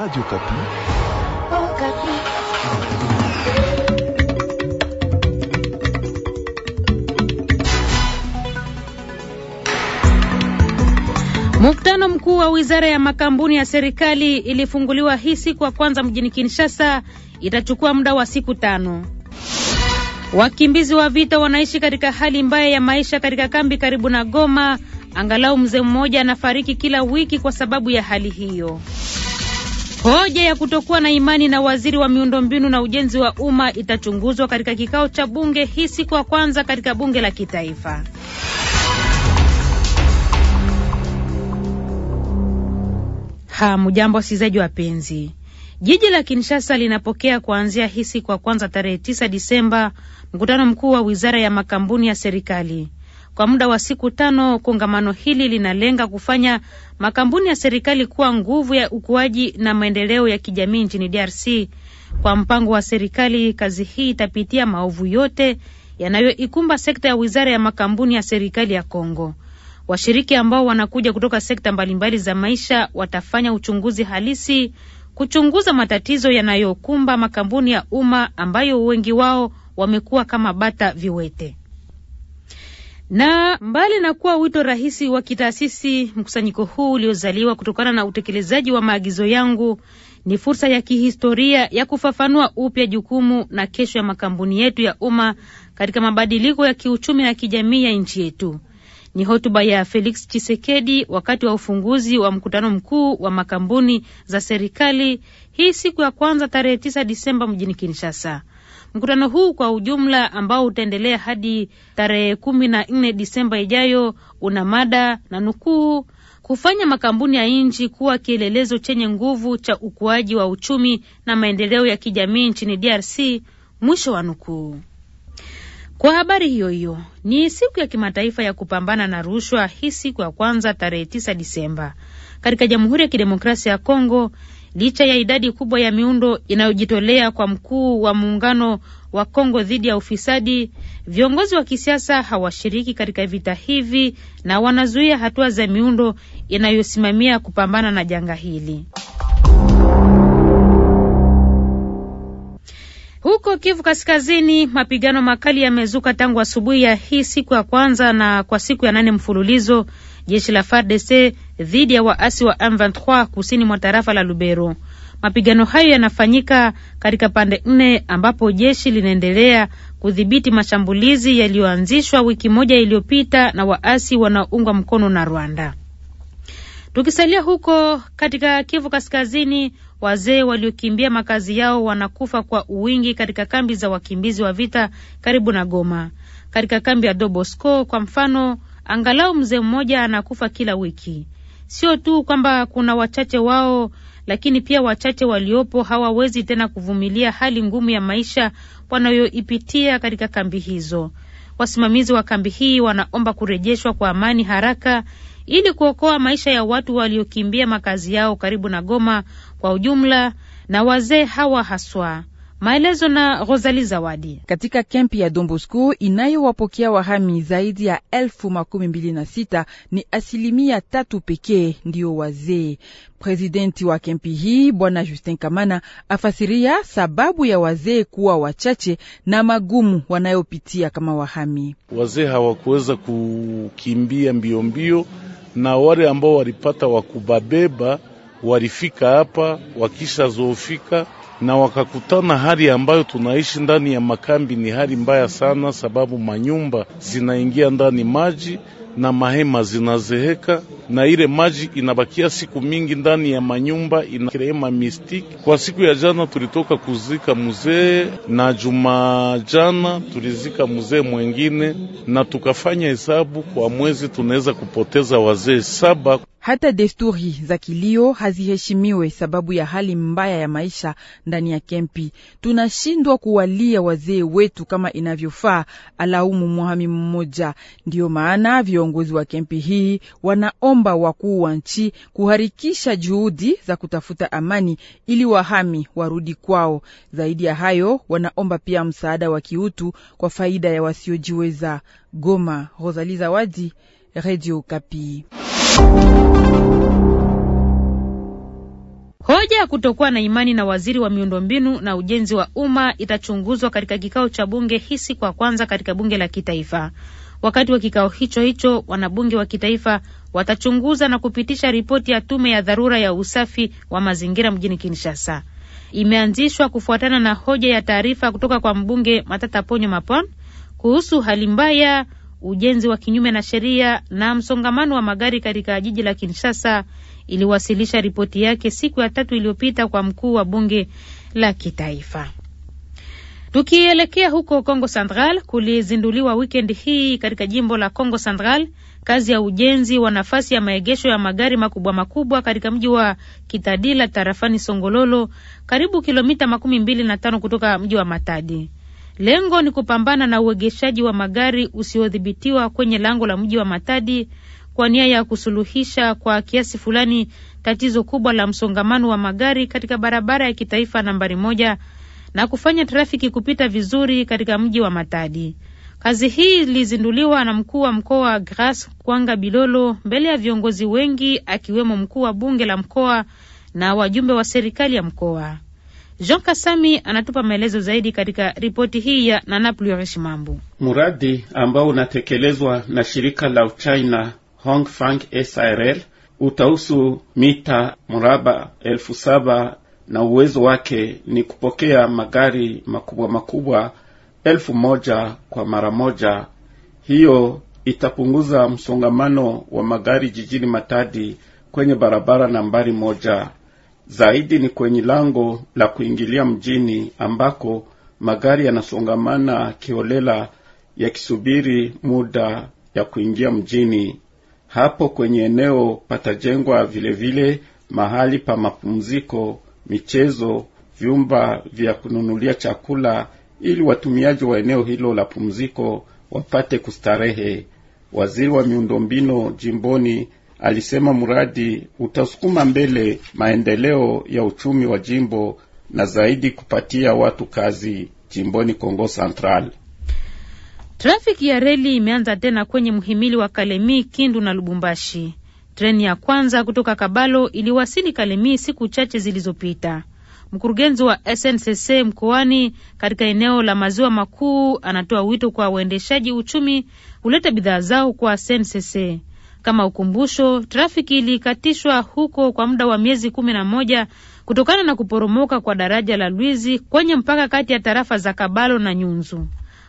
Radio Kapi. Oh, Kapi. Mkutano mkuu wa Wizara ya Makampuni ya Serikali ilifunguliwa hii siku ya kwanza mjini Kinshasa, itachukua muda wa siku tano. Wakimbizi wa vita wanaishi katika hali mbaya ya maisha katika kambi karibu na Goma. Angalau mzee mmoja anafariki kila wiki kwa sababu ya hali hiyo. Hoja ya kutokuwa na imani na waziri wa miundombinu na ujenzi wa umma itachunguzwa katika kikao cha bunge hii siku ya kwanza katika bunge la kitaifa. Hamjambo wasikilizaji wapenzi. Jiji la Kinshasa linapokea kuanzia hii siku ya kwanza tarehe 9 Disemba mkutano mkuu wa wizara ya makampuni ya serikali. Kwa muda wa siku tano, kongamano hili linalenga kufanya makampuni ya serikali kuwa nguvu ya ukuaji na maendeleo ya kijamii nchini DRC. Kwa mpango wa serikali, kazi hii itapitia maovu yote yanayoikumba sekta ya wizara ya makampuni ya serikali ya Kongo. Washiriki ambao wanakuja kutoka sekta mbalimbali za maisha watafanya uchunguzi halisi, kuchunguza matatizo yanayokumba makampuni ya umma ambayo wengi wao wamekuwa kama bata viwete. Na mbali na kuwa wito rahisi wa kitaasisi, mkusanyiko huu uliozaliwa kutokana na utekelezaji wa maagizo yangu ni fursa ya kihistoria ya kufafanua upya jukumu na kesho ya makampuni yetu ya umma katika mabadiliko ya kiuchumi na kijamii ya nchi yetu. Ni hotuba ya Felix chisekedi wakati wa ufunguzi wa mkutano mkuu wa makampuni za serikali hii siku ya kwanza tarehe tisa Disemba mjini Kinshasa. Mkutano huu kwa ujumla ambao utaendelea hadi tarehe kumi na nne Disemba ijayo una mada na nukuu, kufanya makampuni ya nchi kuwa kielelezo chenye nguvu cha ukuaji wa uchumi na maendeleo ya kijamii nchini DRC, mwisho wa nukuu. Kwa habari hiyo hiyo, ni siku ya kimataifa ya kupambana na rushwa, hii siku ya kwanza tarehe tisa Disemba. Katika Jamhuri ya Kidemokrasia ya Kongo, licha ya idadi kubwa ya miundo inayojitolea kwa mkuu wa muungano wa Kongo dhidi ya ufisadi, viongozi wa kisiasa hawashiriki katika vita hivi na wanazuia hatua za miundo inayosimamia kupambana na janga hili. Huko Kivu Kaskazini, mapigano makali yamezuka tangu asubuhi ya hii siku ya kwanza na kwa siku ya nane mfululizo, jeshi la FARDC dhidi ya waasi wa M23 kusini mwa tarafa la Lubero. Mapigano hayo yanafanyika katika pande nne ambapo jeshi linaendelea kudhibiti mashambulizi yaliyoanzishwa wiki moja iliyopita na waasi wanaoungwa mkono na Rwanda. Tukisalia huko katika Kivu Kaskazini, wazee waliokimbia makazi yao wanakufa kwa uwingi katika kambi za wakimbizi wa vita karibu na Goma. Katika kambi ya Dobosko kwa mfano, angalau mzee mmoja anakufa kila wiki. Sio tu kwamba kuna wachache wao, lakini pia wachache waliopo hawawezi tena kuvumilia hali ngumu ya maisha wanayoipitia katika kambi hizo. Wasimamizi wa kambi hii wanaomba kurejeshwa kwa amani haraka ili kuokoa maisha ya watu waliokimbia makazi yao karibu na Goma kwa ujumla na wazee hawa haswa. Maelezo na Rosali Zawadi. Katika kempi ya Dombosco inayowapokea wahami zaidi ya elfu makumi mbili na sita ni asilimia tatu pekee ndiyo wazee. Presidenti wa kempi hii Bwana Justin Kamana afasiria sababu ya wazee kuwa wachache na magumu wanayopitia kama wahami. Wazee hawakuweza kukimbia mbio mbio, na wale ambao walipata wakubabeba walifika hapa wakishazoofika na wakakutana hali ambayo tunaishi ndani ya makambi ni hali mbaya sana, sababu manyumba zinaingia ndani maji na mahema zinazeheka na ile maji inabakia siku mingi ndani ya manyumba, inakrema mistiki. Kwa siku ya jana tulitoka kuzika mzee, na juma jana tulizika mzee mwengine, na tukafanya hesabu kwa mwezi tunaweza kupoteza wazee saba hata desturi za kilio haziheshimiwe sababu ya hali mbaya ya maisha ndani ya kempi. Tunashindwa kuwalia wazee wetu kama inavyofaa, alaumu mwami mmoja. Ndiyo maana viongozi wa kempi hii wanaomba wakuu wa nchi kuharikisha juhudi za kutafuta amani ili wahami warudi kwao. Zaidi ya hayo, wanaomba pia msaada wa kiutu kwa faida ya wasiojiweza. Goma, rosali Zawadi, Radio Kapi. Hoja ya kutokuwa na imani na waziri wa miundombinu na ujenzi wa umma itachunguzwa katika kikao cha bunge hisi kwa kwanza katika bunge la kitaifa. Wakati wa kikao hicho hicho, wanabunge wa kitaifa watachunguza na kupitisha ripoti ya tume ya dharura ya usafi wa mazingira mjini Kinshasa. Imeanzishwa kufuatana na hoja ya taarifa kutoka kwa mbunge Matata Ponyo Mapon kuhusu hali mbaya ujenzi wa kinyume na sheria na msongamano wa magari katika jiji la Kinshasa iliwasilisha ripoti yake siku ya tatu iliyopita kwa mkuu wa bunge la kitaifa. Tukielekea huko Kongo Central, kulizinduliwa wikendi hii katika jimbo la Kongo Central kazi ya ujenzi wa nafasi ya maegesho ya magari makubwa makubwa katika mji wa Kitadila tarafani Songololo, karibu kilomita makumi mbili na tano kutoka mji wa Matadi. Lengo ni kupambana na uegeshaji wa magari usiodhibitiwa kwenye lango la mji wa Matadi kwa nia ya kusuluhisha kwa kiasi fulani tatizo kubwa la msongamano wa magari katika barabara ya kitaifa nambari moja na kufanya trafiki kupita vizuri katika mji wa Matadi. Kazi hii ilizinduliwa na mkuu wa mkoa wa Gras Kwanga Bilolo mbele ya viongozi wengi akiwemo mkuu wa bunge la mkoa na wajumbe wa serikali ya mkoa. Jean Kasami anatupa maelezo zaidi katika ripoti hii ya Nanaplurish Mambu. Mradi ambao unatekelezwa na shirika la Uchina Fang SRL utahusu mita mraba elfu saba na uwezo wake ni kupokea magari makubwa makubwa elfu moja kwa mara moja. Hiyo itapunguza msongamano wa magari jijini Matadi kwenye barabara nambari moja zaidi ni kwenye lango la kuingilia mjini ambako magari yanasongamana kiolela yakisubiri muda ya kuingia mjini. Hapo kwenye eneo patajengwa vilevile vile, mahali pa mapumziko, michezo, vyumba vya kununulia chakula ili watumiaji wa eneo hilo la pumziko wapate kustarehe. Waziri wa miundombinu jimboni alisema mradi utasukuma mbele maendeleo ya uchumi wa jimbo na zaidi kupatia watu kazi jimboni Kongo Central. Trafiki ya reli imeanza tena kwenye mhimili wa Kalemi, Kindu na Lubumbashi. Treni ya kwanza kutoka Kabalo iliwasili Kalemi siku chache zilizopita. Mkurugenzi wa SNCC mkoani katika eneo la maziwa makuu anatoa wito kwa waendeshaji uchumi kuleta bidhaa zao kwa SNCC. Kama ukumbusho, trafiki ilikatishwa huko kwa muda wa miezi kumi na moja kutokana na kuporomoka kwa daraja la Lwizi kwenye mpaka kati ya tarafa za Kabalo na Nyunzu.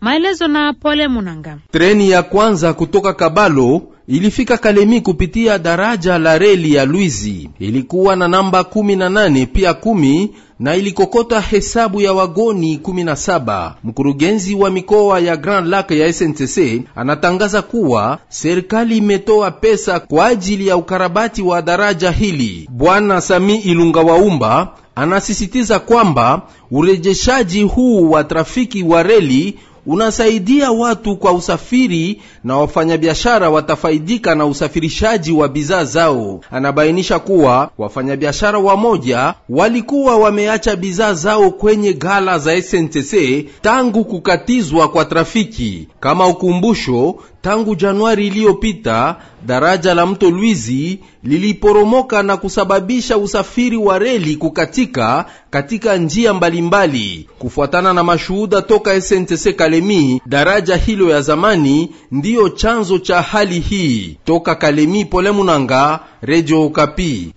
Maelezo na Pole Munanga. Treni ya kwanza kutoka Kabalo ilifika Kalemi kupitia daraja la reli ya Lwizi, ilikuwa na namba kumi na nane pia kumi na ilikokota hesabu ya wagoni 17. Mkurugenzi wa mikoa ya Grand Lake ya SNCC anatangaza kuwa serikali imetoa pesa kwa ajili ya ukarabati wa daraja hili. Bwana Sami Ilunga Waumba anasisitiza kwamba urejeshaji huu wa trafiki wa reli unasaidia watu kwa usafiri na wafanyabiashara watafaidika na usafirishaji wa bidhaa zao. Anabainisha kuwa wafanyabiashara wamoja walikuwa wameacha bidhaa zao kwenye ghala za SNTC tangu kukatizwa kwa trafiki. Kama ukumbusho Tangu Januari iliyopita daraja la mto Lwizi liliporomoka na kusababisha usafiri wa reli kukatika katika njia mbalimbali. Kufuatana na mashuhuda toka SNTC Kalemi, daraja hilo ya zamani ndiyo chanzo cha hali hii. Toka Kalemi, Pole Munanga, Radio Okapi.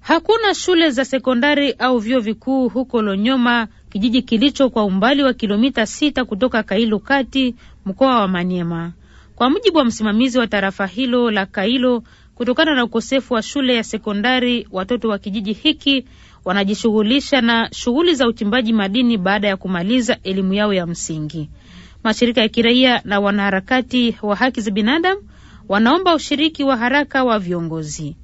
Hakuna shule za sekondari au vyuo vikuu huko Lonyoma, kijiji kilicho kwa umbali wa kilomita sita kutoka Kailo Kati, mkoa wa Maniema. Kwa mujibu wa msimamizi wa tarafa hilo la Kailo, kutokana na ukosefu wa shule ya sekondari, watoto wa kijiji hiki wanajishughulisha na shughuli za uchimbaji madini baada ya kumaliza elimu yao ya msingi. Mashirika ya kiraia na wanaharakati wa haki za binadamu wanaomba ushiriki wa haraka wa viongozi.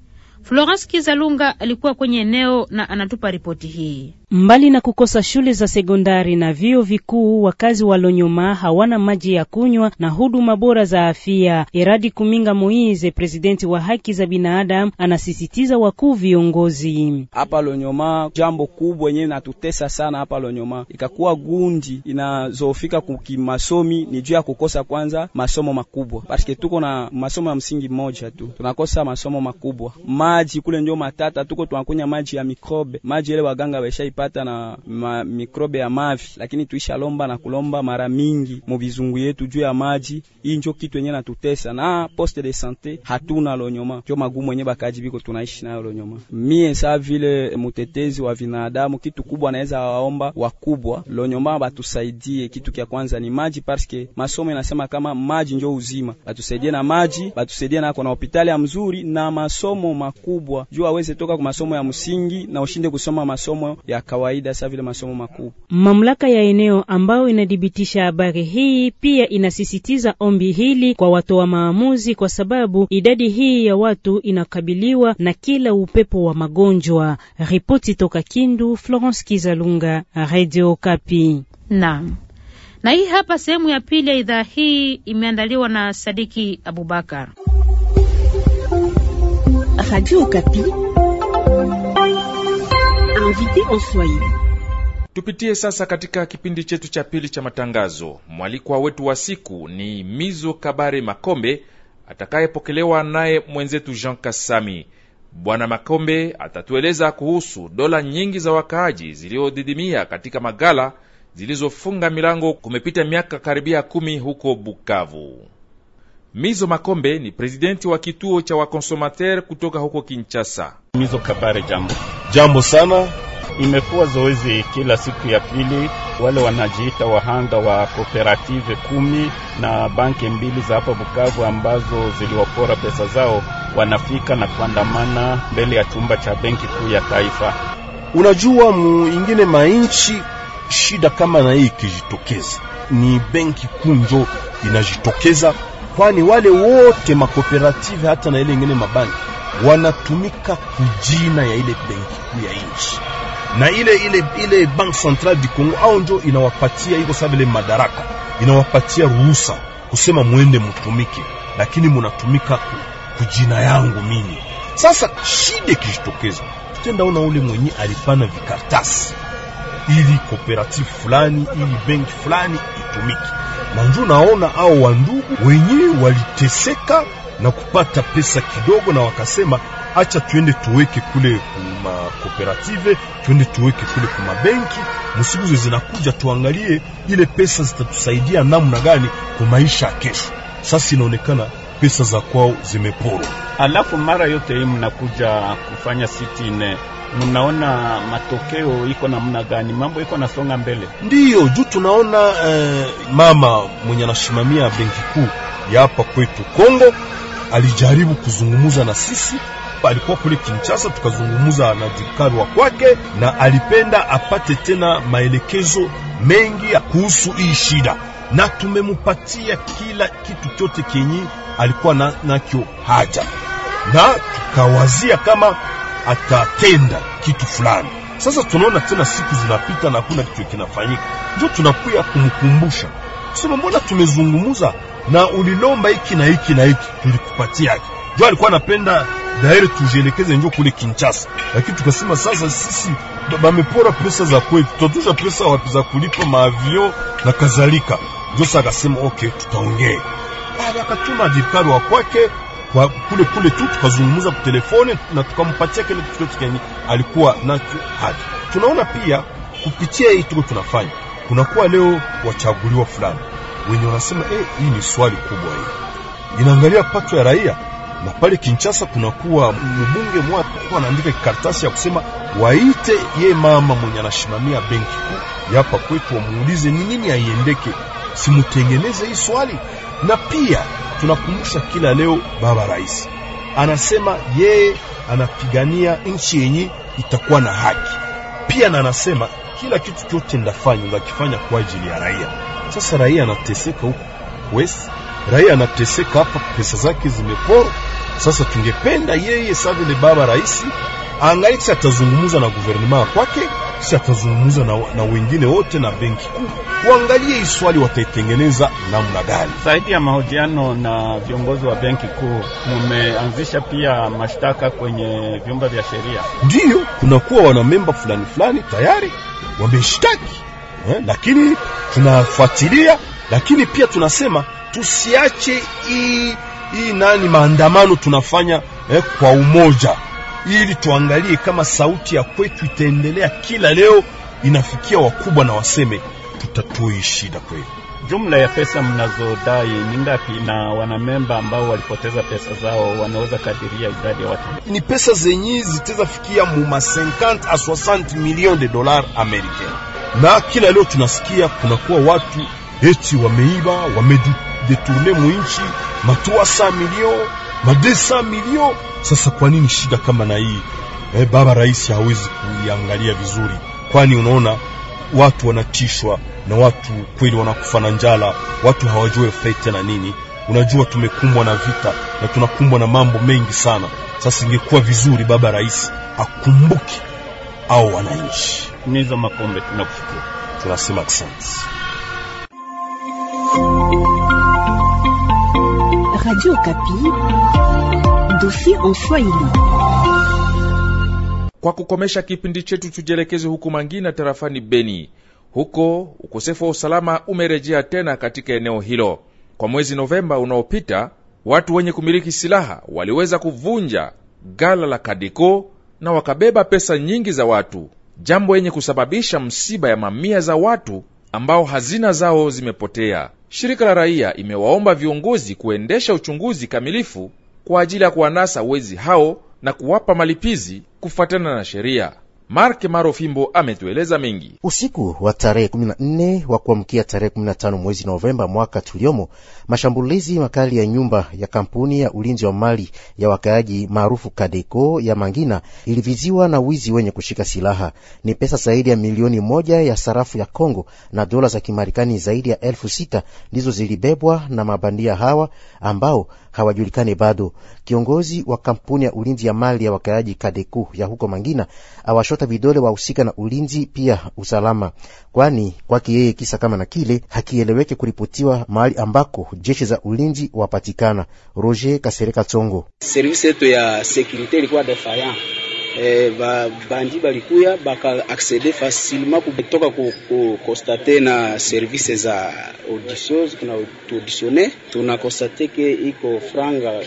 Florence Kizalunga alikuwa kwenye eneo na anatupa ripoti hii. Mbali na kukosa shule za sekondari na vyuo vikuu, wakazi wa Lonyoma hawana maji ya kunywa na huduma bora za afya. Heradi Kuminga Moize, presidenti wa haki za binadamu, anasisitiza wakuu viongozi hapa Lonyoma. Jambo kubwa yenyewe natutesa sana hapa Lonyoma ikakuwa gundi inazofika kukimasomi ni juu ya kukosa kwanza masomo makubwa, paske tuko na masomo ya msingi mmoja tu, tunakosa masomo makubwa. Maji kule ndio matata, tuko tunakunya maji ya mikobe, maji ile waganga waishaipa kupata na ma, mikrobe ya mavi, lakini tuisha lomba na kulomba mara mingi muvizungu yetu juu ya maji. Hii njo kitu yenye natutesa, na poste de sante hatuna Lonyoma, njo magumu yenye bakaji biko tunaishi nayo Lonyoma. Mie saa vile mutetezi wa vinadamu, kitu kubwa naweza waomba wakubwa Lonyoma batusaidie. Kitu kya kwanza ni maji, parce masomo inasema kama maji njo uzima, batusaidie na maji, batusaidie nako na hospitali ya mzuri na masomo makubwa, juu aweze toka kwa masomo ya msingi na ushinde kusoma masomo ya kawaida sawa vile masomo makubwa. Mamlaka ya eneo ambayo inadhibitisha habari hii pia inasisitiza ombi hili kwa watoa maamuzi, kwa sababu idadi hii ya watu inakabiliwa na kila upepo wa magonjwa. Ripoti toka Kindu, Florence Kizalunga, Radio Kapi. Na, Na hii hapa sehemu ya pili ya idhaa hii imeandaliwa na Sadiki Abubakar. Radio Kapi invité en Swahili. Tupitie sasa katika kipindi chetu cha pili cha matangazo. Mwalikwa wetu wa siku ni Mizo Kabare Makombe atakayepokelewa naye mwenzetu Jean Kasami. Bwana Makombe atatueleza kuhusu dola nyingi za wakaaji zilizodidimia katika magala zilizofunga milango kumepita miaka karibia kumi huko Bukavu. Mizo Makombe ni presidenti wa kituo cha wakonsomater kutoka huko Kinshasa. Mizo Kabare, jambo. Jambo sana. Imekuwa zoezi kila siku ya pili, wale wanajiita wahanga wa kooperative kumi na banki mbili za hapa Bukavu ambazo ziliwapora pesa zao wanafika na kuandamana mbele ya chumba cha benki kuu ya taifa. Unajua, muingine mainchi shida kama na hii ikijitokeza, ni benki kuu njo inajitokeza kwani wale wote makooperative hata na ile ingine mabanki wanatumika kujina ya ile benki kuu ya nchi na ile ile ile Bank Centrale du Congo, au njo inawapatia iko sababu ile madaraka inawapatia ruhusa kusema muende mutumike, lakini munatumika ku, kujina yangu mimi. Sasa shida ikijitokeza, tutendaona ule mwenye alipana vikartasi ili kooperative fulani ili benki fulani itumike na njo naona au wandugu wenyewe waliteseka na kupata pesa kidogo, na wakasema acha tuende tuweke kule kumakooperative, tuende tuweke kule kumabenki, musiku zinakuja tuangalie ile pesa zitatusaidia namna gani kwa maisha ya kesho. Sasa inaonekana pesa za kwao zimeporwa. Alafu mara yote hii mnakuja kufanya siti ine Mnaona matokeo iko namna gani? Mambo iko nasonga mbele, ndiyo juu tunaona eh, mama mwenye anasimamia benki kuu ya hapa kwetu Kongo alijaribu kuzungumuza na sisi, alikuwa kule Kinshasa, tukazungumuza na jikari wa kwake, na alipenda apate tena maelekezo mengi kuhusu hii shida, na tumemupatia kila kitu chote kenye alikuwa na nakyo haja, na tukawazia kama atatenda kitu fulani. Sasa tunaona tena siku zinapita na hakuna kitu kinafanyika, ndio tunakuya kumkumbusha kusema, mbona tumezungumuza na ulilomba hiki na hiki na hiki, tulikupatia hiki. Ndio alikuwa anapenda daire tujielekeze njoo kule Kinshasa, lakini tukasema sasa sisi bamepora pesa za kwetu, tutatuza pesa wapi za kulipa maavio na kadhalika. Ndio sasa akasema okay, tutaongea pale akachuma ajikaru wa kwake kwa kule kule tu, tukazungumza kwa telefoni na tukampatia kile kitu chenye alikuwa nacho hadi. Tunaona pia kupitia hii tuko tunafanya, kunakuwa leo wachaguliwa fulani wenye wanasema eh, hii ni swali kubwa, hii inaangalia pato ya raia na pale Kinshasa kunakuwa mbunge mwaka anaandika kikaratasi ya kusema waite ye mama mwenye anashimamia benki kuu yapa kwetu, wamuulize ni nini aiendeke, simutengeneze hii swali na pia tunakumbusha kila leo baba rais anasema yeye anapigania nchi yenye itakuwa na haki, pia na anasema kila kitu chote ndafanya ndakifanya kwa ajili ya raia. Sasa raia anateseka huko Kwesi, raia anateseka hapa, pesa zake zimeporwa. Sasa tungependa yeye savile baba rais angalie atazungumza na guvernema kwake si atazungumza na, na wengine wote na benki kuu waangalie hii swali wataitengeneza namna gani. Zaidi ya mahojiano na viongozi wa benki kuu, mumeanzisha pia mashtaka kwenye vyumba vya sheria? Ndiyo, kunakuwa wanamemba fulani fulani tayari wameshtaki eh, lakini tunafuatilia, lakini pia tunasema tusiache hii hii nani maandamano tunafanya eh, kwa umoja ili tuangalie kama sauti ya kwetu itaendelea kila leo inafikia wakubwa na waseme tutatoi shida kweli. Jumla ya pesa mnazodai ni ngapi, na wanamemba ambao walipoteza pesa zao wanaweza kadiria idadi ya watu? Ni pesa zenye zitazafikia muma 50 a 60 milioni de dolar americain, na kila leo tunasikia kunakuwa watu eti wameiba, wamedetourne muinchi matuasa milioni madesa milio. Sasa kwa nini shida kama na hii? e, baba rais hawezi kuiangalia vizuri, kwani unaona watu wanatishwa na watu kweli wanakufa na njala, watu hawajue fete na nini. Unajua tumekumbwa na vita na tunakumbwa na mambo mengi sana. Sasa ingekuwa vizuri baba rais akumbuke au wananchi. Niza Makombe, tunakushukuru, tunasema asante. Radio Kapi, dosi en Swahili. Kwa kukomesha kipindi chetu, tujielekeze huku Mangina tarafani Beni. Huko ukosefu wa usalama umerejea tena katika eneo hilo. Kwa mwezi Novemba unaopita, watu wenye kumiliki silaha waliweza kuvunja gala la Kadiko na wakabeba pesa nyingi za watu, jambo yenye kusababisha msiba ya mamia za watu ambao hazina zao zimepotea shirika la raia imewaomba viongozi kuendesha uchunguzi kamilifu kwa ajili ya kuwanasa wezi hao na kuwapa malipizi kufuatana na sheria. Mark Marofimbo ametueleza mengi. Usiku wa tarehe 14 wa kuamkia tarehe 15 mwezi Novemba mwaka tuliomo, mashambulizi makali ya nyumba ya kampuni ya ulinzi wa mali ya wakaaji maarufu Kadeko ya Mangina iliviziwa na wizi wenye kushika silaha. Ni pesa zaidi ya milioni moja ya sarafu ya Kongo na dola za Kimarekani zaidi ya elfu sita ndizo zilibebwa na mabandia hawa ambao hawajulikani bado. Kiongozi wa kampuni ya ulinzi ya mali ya wakaaji Kadeku ya huko Mangina awashota vidole wahusika na ulinzi pia usalama, kwani kwake yeye kisa kama na kile hakieleweke kuripotiwa mahali ambako jeshi za ulinzi wapatikana. Roger Kasereka Tsongo, servisi yetu ya sekurite ilikuwa defaya eh, babandi balikuya baka accede facilement kutoka kukostate na service za audition, kuna tuauditione tunakostate ke iko franga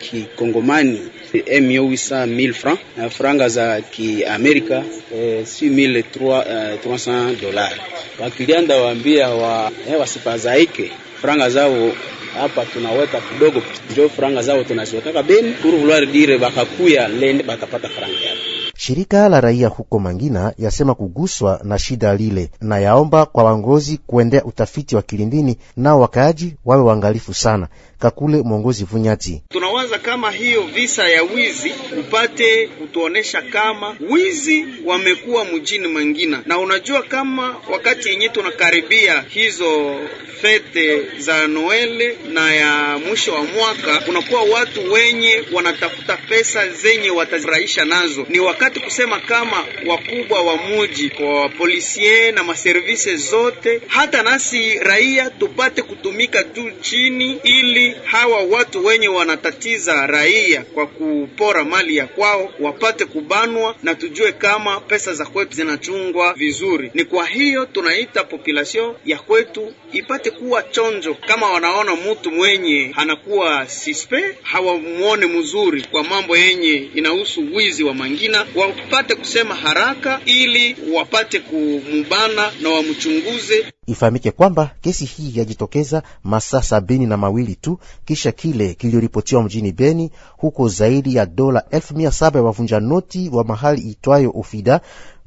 kikongomani ki mio 800000 franc na franga za kiamerika eh, 6300 eh, dollars. Wakilianda waambia wa eh, wasipazaike franga zao hapa tunaweka kidogo, njo franga zao tunaziwekaka beni kuruvulwaridire, bakakuya lende bakapata franga again Shirika la raia huko Mangina yasema kuguswa na shida lile, na yaomba kwa waongozi kuendea utafiti wa kilindini, nao wakaaji wawe waangalifu sana. Kakule mwongozi Vunyati: tunawaza kama hiyo visa ya wizi upate kutuonesha kama wizi wamekuwa mjini Mangina, na unajua kama wakati yenye tunakaribia hizo fete za Noele na ya mwisho wa mwaka, kunakuwa watu wenye wanatafuta pesa zenye watafurahisha nazo, ni wakati tu kusema kama wakubwa wa muji kwa wapolisie na maservise zote, hata nasi raia tupate kutumika tu chini, ili hawa watu wenye wanatatiza raia kwa kupora mali ya kwao wapate kubanwa, na tujue kama pesa za kwetu zinachungwa vizuri. Ni kwa hiyo tunaita population ya kwetu ipate kuwa chonjo, kama wanaona mutu mwenye anakuwa sispe, hawamuone mzuri kwa mambo yenye inahusu wizi wa mangina wapate kusema haraka ili wapate kumubana na wamchunguze. Ifahamike kwamba kesi hii yajitokeza masaa sabini na mawili tu kisha kile kiliyoripotiwa mjini Beni, huko zaidi ya dola elfu mia saba ya wavunja noti wa mahali itwayo Ofida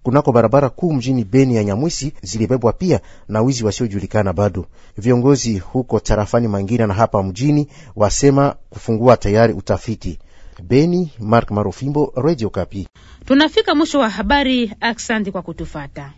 kunako barabara kuu mjini Beni ya Nyamwisi zilibebwa pia na wizi wasiojulikana bado. Viongozi huko tarafani mangina na hapa mjini wasema kufungua tayari utafiti Beni, Mark Marofimbo, Radio Kapi. Tunafika mwisho wa habari. aksandi kwa kutufata.